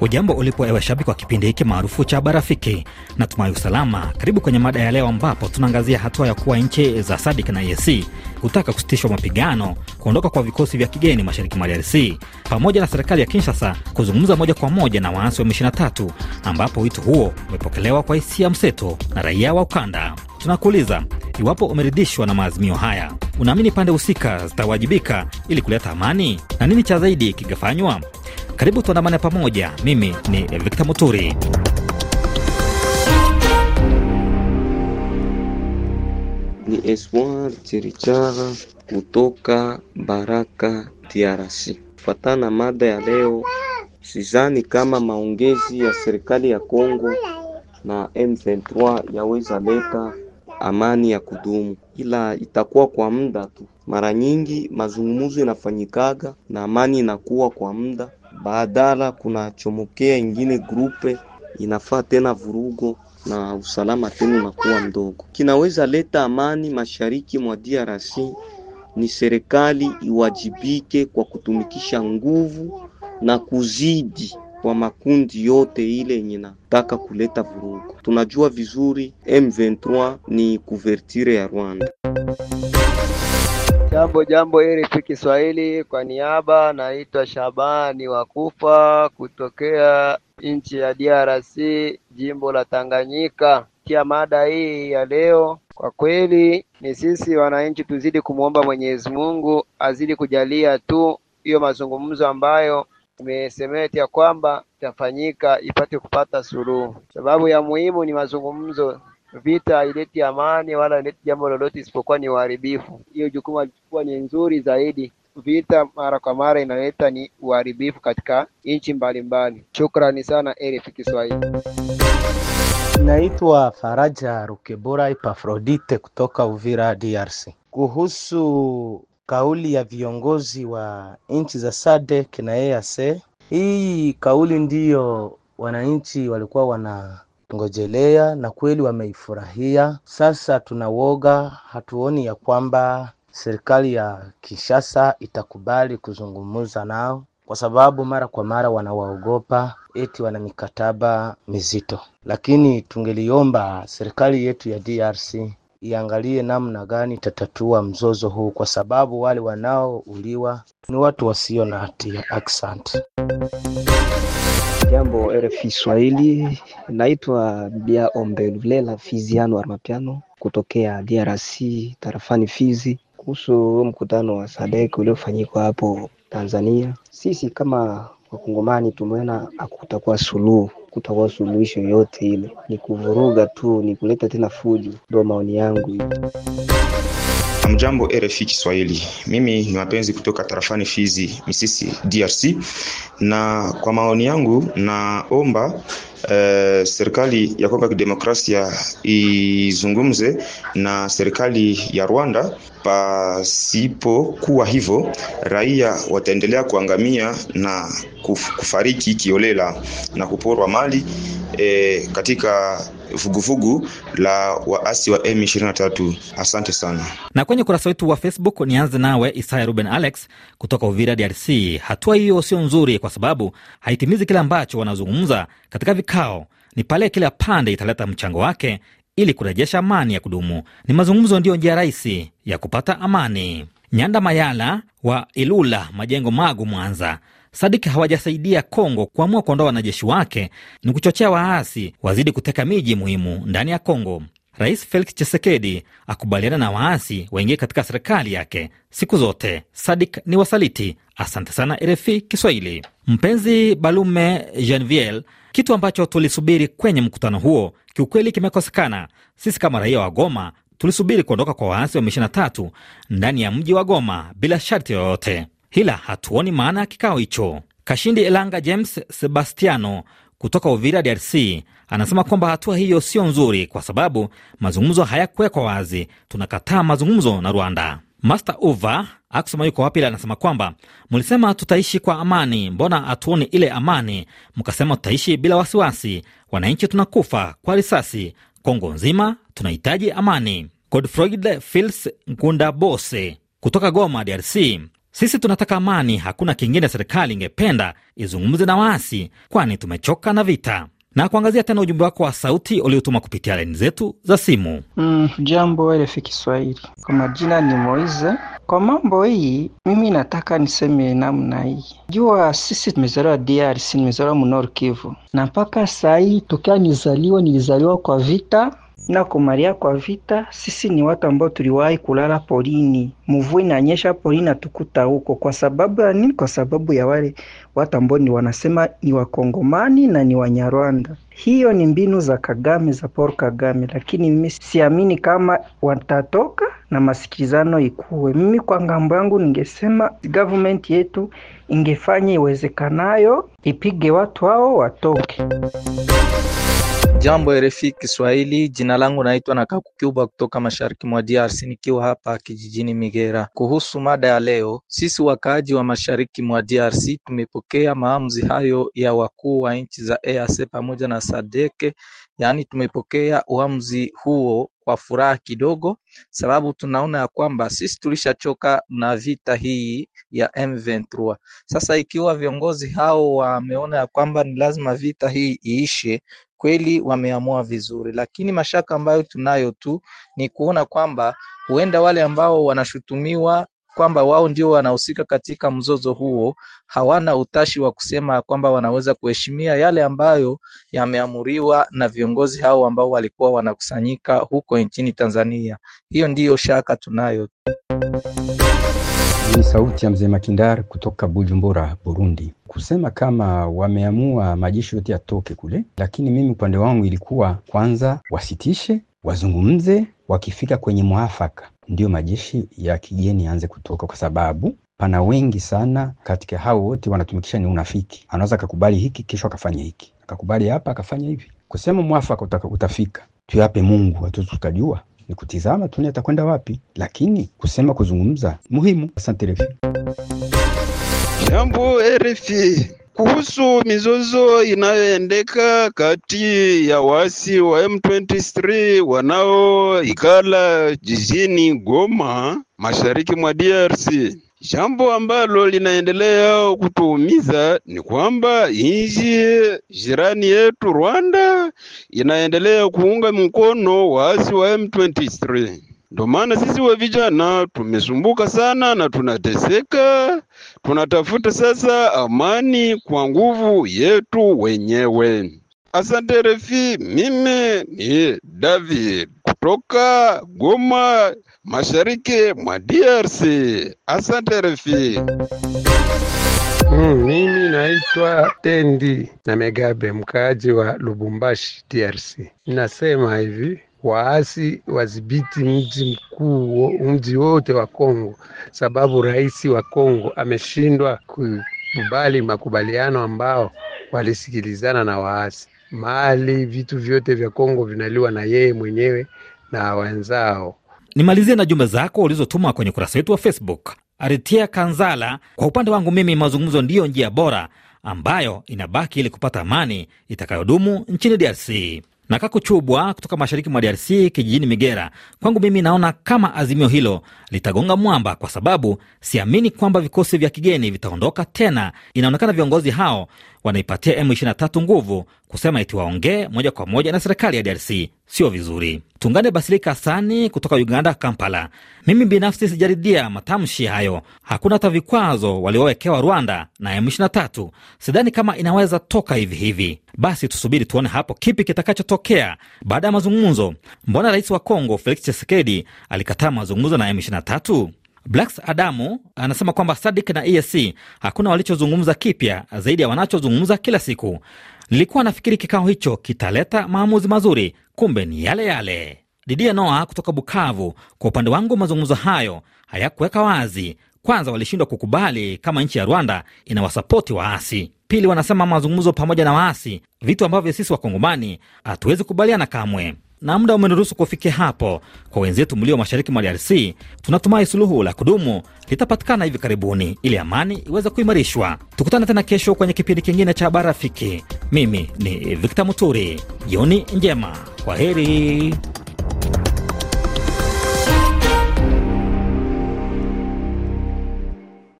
Ujambo ulipo ewe shabiki wa kipindi hiki maarufu cha Barafiki, natumai usalama. Karibu kwenye mada ya leo, ambapo tunaangazia hatua ya kuwa nchi za sadik na EAC kutaka kusitishwa mapigano, kuondoka kwa vikosi vya kigeni mashariki mwa DRC, pamoja na serikali ya Kinshasa kuzungumza moja kwa moja na waasi wa M23, ambapo wito huo umepokelewa kwa hisia mseto na raia wa ukanda. Tunakuuliza iwapo umeridhishwa na maazimio haya unaamini pande husika zitawajibika ili kuleta amani, na nini cha zaidi kikafanywa? Karibu tuandamane pamoja. Mimi ni Victor Muturi. Ni Espoir Chirichara kutoka Baraka, DRC. Kufatana mada ya leo, sizani kama maongezi ya serikali ya congo na M23 yaweza leta amani ya kudumu, ila itakuwa kwa muda tu. Mara nyingi mazungumzo inafanyikaga na amani inakuwa kwa muda, baadala kunachomokea ingine grupe, inafaa tena vurugo na usalama tena unakuwa mdogo. Kinaweza leta amani mashariki mwa DRC ni serikali iwajibike kwa kutumikisha nguvu na kuzidi kwa makundi yote ile yenye nataka kuleta vurugu. Tunajua vizuri M23 ni kuvertire ya Rwanda. Jambo jambo, RFI Kiswahili, kwa niaba naitwa Shabani Wakufa kutokea nchi ya DRC, jimbo la Tanganyika. Kia mada hii ya leo, kwa kweli ni sisi wananchi tuzidi kumwomba Mwenyezi Mungu azidi kujalia tu hiyo mazungumzo ambayo umesemeti ya kwamba itafanyika ipate kupata suluhu. Sababu ya muhimu ni mazungumzo. Vita haileti amani wala haileti jambo lolote isipokuwa ni uharibifu. Hiyo jukumu alichukua ni nzuri zaidi. Vita mara kwa mara inaleta ni uharibifu katika nchi mbalimbali. Shukrani sana RFI Kiswahili. Naitwa Faraja Rukebora Epafrodite kutoka Uvira, DRC. Kuhusu kauli ya viongozi wa nchi za SADC na EAC. Hii kauli ndiyo wananchi walikuwa wanangojelea na kweli wameifurahia. Sasa tunawoga hatuoni ya kwamba serikali ya Kinshasa itakubali kuzungumza nao kwa sababu mara kwa mara wanawaogopa eti wana mikataba mizito, lakini tungeliomba serikali yetu ya DRC iangalie namna gani itatatua mzozo huu, kwa sababu wale wanaouliwa ni watu wasio na hatia. Asante. Jambo RFI Swahili, naitwa Bia Ombelulela Fiziano Armapiano kutokea DRC tarafani Fizi, kuhusu mkutano wa sadeki uliofanyikwa hapo Tanzania. Sisi kama Wakongomani tumeona hakutakuwa suluhu kutakuwa suluhisho yote ile, ni kuvuruga tu, ni kuleta tena fuju ndo maoni yangu. Mjambo RFI Kiswahili, mimi ni mapenzi kutoka tarafani Fizi, Misisi, DRC. Na kwa maoni yangu naomba eh, serikali ya Kongo ya Kidemokrasia izungumze na serikali ya Rwanda. Pasipokuwa hivyo, raia wataendelea kuangamia na kufariki kiolela na kuporwa mali eh, katika vuguvugu la waasi wa M23. Asante sana. Na kwenye ukurasa wetu wa Facebook, nianze nawe Isaya Ruben Alex kutoka Uvira, DRC. Hatua hiyo sio nzuri, kwa sababu haitimizi kile ambacho wanazungumza katika vikao. Ni pale kila pande italeta mchango wake ili kurejesha amani ya kudumu. Ni mazungumzo ndiyo njia rahisi ya kupata amani. Nyanda Mayala wa Ilula Majengo, Magu, Mwanza Sadik hawajasaidia Kongo kuamua kuondoa wanajeshi wake, ni kuchochea waasi wazidi kuteka miji muhimu ndani ya Kongo. Rais Felix Chisekedi akubaliana na waasi waingie katika serikali yake siku zote. Sadik ni wasaliti. Asante sana RFI Kiswahili. Mpenzi Balume Janviel, kitu ambacho tulisubiri kwenye mkutano huo kiukweli kimekosekana. Sisi kama raia wa Goma tulisubiri kuondoka kwa waasi wa M23 ndani ya mji wa Goma bila sharti yoyote ila hatuoni maana ya kikao hicho. Kashindi Elanga James Sebastiano kutoka Uvira, DRC, anasema kwamba hatua hiyo sio nzuri kwa sababu mazungumzo hayakuwekwa wazi. Tunakataa mazungumzo na Rwanda. Master Uva akusema yuko wapi, anasema kwamba mlisema tutaishi kwa amani, mbona hatuoni ile amani? Mkasema tutaishi bila wasiwasi. Wananchi tunakufa kwa risasi, Kongo nzima tunahitaji amani. Godfroid Fils Ngundabose kutoka Goma, DRC sisi tunataka amani, hakuna kingine serikali ingependa izungumze na waasi, kwani tumechoka na vita. Na kuangazia tena ujumbe wako wa sauti uliotuma kupitia laini zetu za simu. Mm, jambo RFI Kiswahili, kwa majina ni Moise. Kwa mambo hii mimi nataka niseme namna hii. Jua sisi tumezaliwa DRC, nimezaliwa mnor Kivu, na mpaka saa hii tukiwa nizaliwa, nilizaliwa kwa vita na kumaria kwa vita. Sisi ni watu ambao tuliwahi kulala porini, mvua inanyesha porini tukuta huko. Kwa sababu ya nini? Kwa sababu ya wale watu ambao ni wanasema ni wakongomani na ni Wanyarwanda. Hiyo ni mbinu za Kagame, za Paul Kagame, lakini mimi siamini kama watatoka na masikilizano ikuwe. Mimi kwa ngambo yangu ningesema government yetu ingefanya iwezekanayo, ipige watu hao watoke. Jambo RFI Kiswahili, jina langu naitwa na Kakukyuba kutoka mashariki mwa DRC nikiwa hapa kijijini Migera. Kuhusu mada ya leo, sisi wakaaji wa mashariki mwa DRC tumepokea maamuzi hayo ya wakuu wa nchi za EAC pamoja na Sadeke Yaani tumepokea uamuzi huo kwa furaha kidogo, sababu tunaona ya kwamba sisi tulishachoka na vita hii ya M23. Sasa ikiwa viongozi hao wameona ya kwamba ni lazima vita hii iishe, kweli wameamua vizuri, lakini mashaka ambayo tunayo tu ni kuona kwamba huenda wale ambao wanashutumiwa kwamba wao ndio wanahusika katika mzozo huo, hawana utashi wa kusema kwamba wanaweza kuheshimia yale ambayo yameamuriwa na viongozi hao ambao walikuwa wanakusanyika huko nchini Tanzania. Hiyo ndiyo shaka tunayo. Ni sauti ya mzee makindar kutoka Bujumbura, Burundi. Kusema kama wameamua majeshi yote yatoke kule, lakini mimi upande wangu ilikuwa kwanza wasitishe, wazungumze wakifika kwenye mwafaka, ndiyo majeshi ya kigeni yaanze kutoka, kwa sababu pana wengi sana katika hao wote wanatumikisha ni unafiki. Anaweza akakubali hiki kesho akafanya hiki, akakubali hapa akafanya hivi. Kusema mwafaka utafika tuyape Mungu, hatuwezi tukajua, ni kutizama tuni atakwenda wapi, lakini kusema, kuzungumza muhimu. Asante refi jambo RFI kuhusu mizozo inayoendeka kati ya waasi wa M23 wanaoikala jijini Goma, mashariki mwa DRC. Jambo ambalo linaendelea kutuumiza ni kwamba nchi jirani yetu Rwanda inaendelea kuunga mkono waasi wa M23. Ndio maana sisi wa vijana tumesumbuka sana na tunateseka, tunatafuta sasa amani kwa nguvu yetu wenyewe. Asante refi, mimi ni David kutoka Goma, mashariki mwa DRC. Asante refi. Mm, mimi naitwa Tendi na Megabe, mkaaji wa Lubumbashi, DRC. Nasema hivi waasi wadhibiti mji mkuu, mji wote wa Kongo, sababu rais wa Kongo ameshindwa kukubali makubaliano ambao walisikilizana na waasi. Mali, vitu vyote vya Kongo vinaliwa na yeye mwenyewe na wenzao. Nimalizie na jumbe zako ulizotuma kwenye ukurasa wetu wa Facebook. Aritia Kanzala, kwa upande wangu mimi, mazungumzo ndiyo njia bora ambayo inabaki ili kupata amani itakayodumu nchini DRC na Kako Chubwa kutoka mashariki mwa DRC kijijini Migera. Kwangu mimi naona kama azimio hilo litagonga mwamba, kwa sababu siamini kwamba vikosi vya kigeni vitaondoka tena. Inaonekana viongozi hao wanaipatia M23 nguvu kusema eti waongee moja kwa moja na serikali ya DRC. Sio vizuri. Tungane Basilika Hasani kutoka Uganda, Kampala. Mimi binafsi sijaridia matamshi hayo. Hakuna hata vikwazo waliowekewa Rwanda na M23, sidhani kama inaweza toka hivi hivi. Basi tusubiri tuone hapo kipi kitakachotokea baada ya mazungumzo. Mbona rais wa Kongo Felix Tshisekedi alikataa mazungumzo na M23? Blacks Adamu anasema kwamba Sadik na EAC hakuna walichozungumza kipya zaidi ya wanachozungumza kila siku. Nilikuwa nafikiri kikao hicho kitaleta maamuzi mazuri, kumbe ni yale yale. Didia Noa kutoka Bukavu, kwa upande wangu mazungumzo hayo hayakuweka wazi. Kwanza walishindwa kukubali kama nchi ya Rwanda inawasapoti waasi. Pili, wanasema mazungumzo pamoja na waasi, vitu ambavyo sisi wakongomani hatuwezi kubaliana kamwe na muda umenuruhusu kufikia hapo. Kwa wenzetu mlio mashariki mwa DRC, tunatumai suluhu la kudumu litapatikana hivi karibuni ili amani iweze kuimarishwa. Tukutane tena kesho kwenye kipindi kingine cha Habari Rafiki. Mimi ni Victor Muturi. Jioni njema, kwa heri.